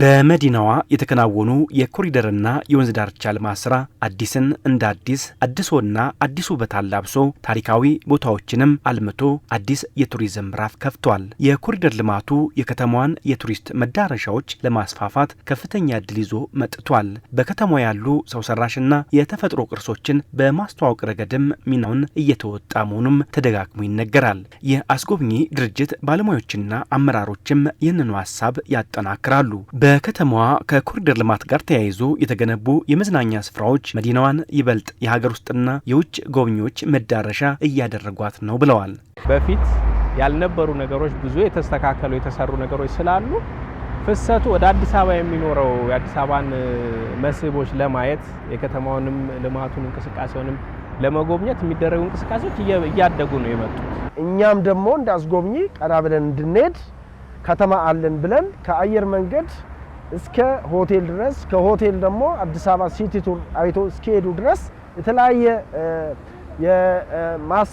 በመዲናዋ የተከናወኑ የኮሪደርና የወንዝ ዳርቻ ልማት ስራ አዲስን እንደ አዲስ አድሶና አዲስ ውበት ላብሶ ታሪካዊ ቦታዎችንም አልምቶ አዲስ የቱሪዝም ምዕራፍ ከፍቷል። የኮሪደር ልማቱ የከተማዋን የቱሪስት መዳረሻዎች ለማስፋፋት ከፍተኛ እድል ይዞ መጥቷል። በከተማ ያሉ ሰው ሰራሽና የተፈጥሮ ቅርሶችን በማስተዋወቅ ረገድም ሚናውን እየተወጣ መሆኑም ተደጋግሞ ይነገራል። የአስጎብኚ ድርጅት ባለሙያዎችና አመራሮችም ይህንኑ ሀሳብ ያጠናክራሉ። በከተማዋ ከኮሪደር ልማት ጋር ተያይዞ የተገነቡ የመዝናኛ ስፍራዎች መዲናዋን ይበልጥ የሀገር ውስጥና የውጭ ጎብኚዎች መዳረሻ እያደረጓት ነው ብለዋል። በፊት ያልነበሩ ነገሮች ብዙ የተስተካከሉ የተሰሩ ነገሮች ስላሉ ፍሰቱ ወደ አዲስ አበባ የሚኖረው የአዲስ አበባን መስህቦች ለማየት የከተማውንም ልማቱን እንቅስቃሴውንም ለመጎብኘት የሚደረጉ እንቅስቃሴዎች እያደጉ ነው የመጡት። እኛም ደግሞ እንዳስጎብኚ ቀና ብለን እንድንሄድ ከተማ አለን ብለን ከአየር መንገድ እስከ ሆቴል ድረስ ከሆቴል ደግሞ አዲስ አበባ ሲቲ ቱር አይቶ እስኪሄዱ ድረስ የተለያየ የማስ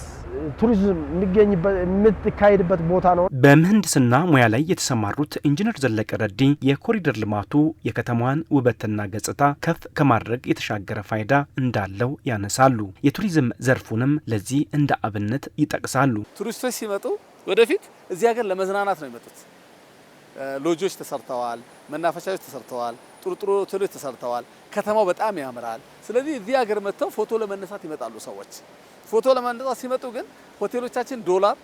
ቱሪዝም የምትካሄድበት ቦታ ነው። በምህንድስና ሙያ ላይ የተሰማሩት ኢንጂነር ዘለቀ ረዲ የኮሪደር ልማቱ የከተማዋን ውበትና ገጽታ ከፍ ከማድረግ የተሻገረ ፋይዳ እንዳለው ያነሳሉ። የቱሪዝም ዘርፉንም ለዚህ እንደ አብነት ይጠቅሳሉ። ቱሪስቶች ሲመጡ ወደፊት እዚህ ሀገር ለመዝናናት ነው የመጡት ሎጆች ተሰርተዋል፣ መናፈሻዎች ተሰርተዋል፣ ጥሩ ጥሩ ሆቴሎች ተሰርተዋል። ከተማው በጣም ያምራል። ስለዚህ እዚህ ሀገር መጥተው ፎቶ ለመነሳት ይመጣሉ ሰዎች። ፎቶ ለመነሳት ሲመጡ ግን ሆቴሎቻችን ዶላር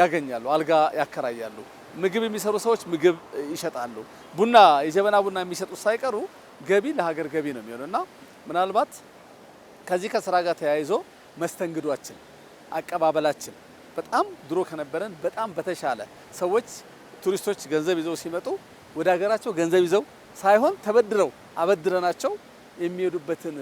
ያገኛሉ፣ አልጋ ያከራያሉ። ምግብ የሚሰሩ ሰዎች ምግብ ይሸጣሉ። ቡና የጀበና ቡና የሚሸጡ ሳይቀሩ ገቢ ለሀገር ገቢ ነው የሚሆነው እና ምናልባት ከዚህ ከስራ ጋር ተያይዞ መስተንግዷችን፣ አቀባበላችን በጣም ድሮ ከነበረን በጣም በተሻለ ሰዎች ቱሪስቶች ገንዘብ ይዘው ሲመጡ ወደ ሀገራቸው ገንዘብ ይዘው ሳይሆን ተበድረው አበድረናቸው የሚሄዱበትን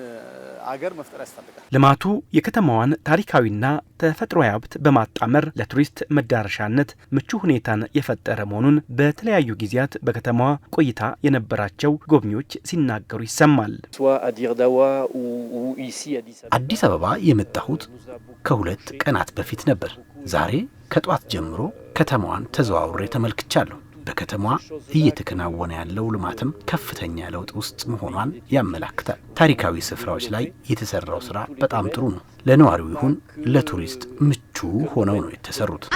አገር መፍጠር ያስፈልጋል። ልማቱ የከተማዋን ታሪካዊና ተፈጥሯዊ ሀብት በማጣመር ለቱሪስት መዳረሻነት ምቹ ሁኔታን የፈጠረ መሆኑን በተለያዩ ጊዜያት በከተማዋ ቆይታ የነበራቸው ጎብኚዎች ሲናገሩ ይሰማል። አዲስ አበባ የመጣሁት ከሁለት ቀናት በፊት ነበር። ዛሬ ከጠዋት ጀምሮ ከተማዋን ተዘዋውሬ ተመልክቻለሁ። በከተማዋ እየተከናወነ ያለው ልማትም ከፍተኛ ለውጥ ውስጥ መሆኗን ያመላክታል። ታሪካዊ ስፍራዎች ላይ የተሰራው ስራ በጣም ጥሩ ነው። ለነዋሪው ይሁን ለቱሪስት ምቹ ሆነው ነው የተሰሩት።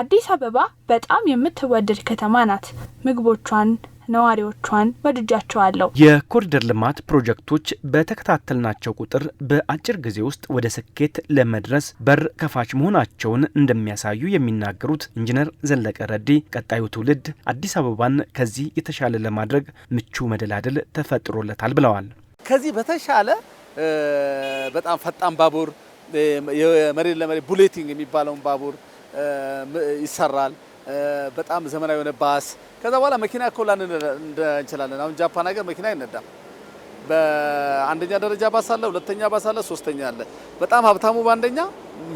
አዲስ አበባ በጣም የምትወደድ ከተማ ናት። ምግቦቿን ነዋሪዎቿን ወድጃቸዋለሁ። የኮሪደር ልማት ፕሮጀክቶች በተከታተልናቸው ቁጥር በአጭር ጊዜ ውስጥ ወደ ስኬት ለመድረስ በር ከፋች መሆናቸውን እንደሚያሳዩ የሚናገሩት ኢንጂነር ዘለቀ ረዲ ቀጣዩ ትውልድ አዲስ አበባን ከዚህ የተሻለ ለማድረግ ምቹ መደላደል ተፈጥሮለታል ብለዋል። ከዚህ በተሻለ በጣም ፈጣን ባቡር የመሬት ለመሬት ቡሌቲንግ የሚባለውን ባቡር ይሰራል። በጣም ዘመናዊ የሆነ ባስ ከዛ በኋላ መኪና ኮላን እንችላለን። አሁን ጃፓን ሀገር መኪና አይነዳም። በአንደኛ ደረጃ ባስ አለ፣ ሁለተኛ ባስ አለ፣ ሶስተኛ አለ። በጣም ሀብታሙ በአንደኛ፣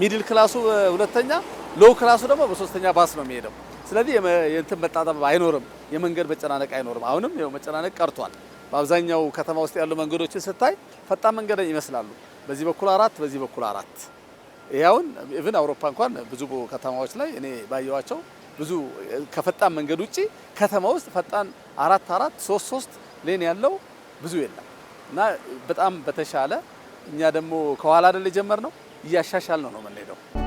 ሚድል ክላሱ ሁለተኛ፣ ሎው ክላሱ ደግሞ በሶስተኛ ባስ ነው የሚሄደው። ስለዚህ የእንትን መጣጠብ አይኖርም፣ የመንገድ መጨናነቅ አይኖርም። አሁንም ያው መጨናነቅ ቀርቷል። በአብዛኛው ከተማ ውስጥ ያሉ መንገዶችን ስታይ ፈጣን መንገድ ይመስላሉ። በዚህ በኩል አራት፣ በዚህ በኩል አራት። ይኸውን ኢቭን አውሮፓ እንኳን ብዙ ከተማዎች ላይ እኔ ባየዋቸው ብዙ ከፈጣን መንገድ ውጪ ከተማ ውስጥ ፈጣን አራት አራት ሶስት ሶስት ሌን ያለው ብዙ የለም እና በጣም በተሻለ እኛ ደግሞ ከኋላ አይደል የጀመርነው እያሻሻል ነው ነው የምንሄደው።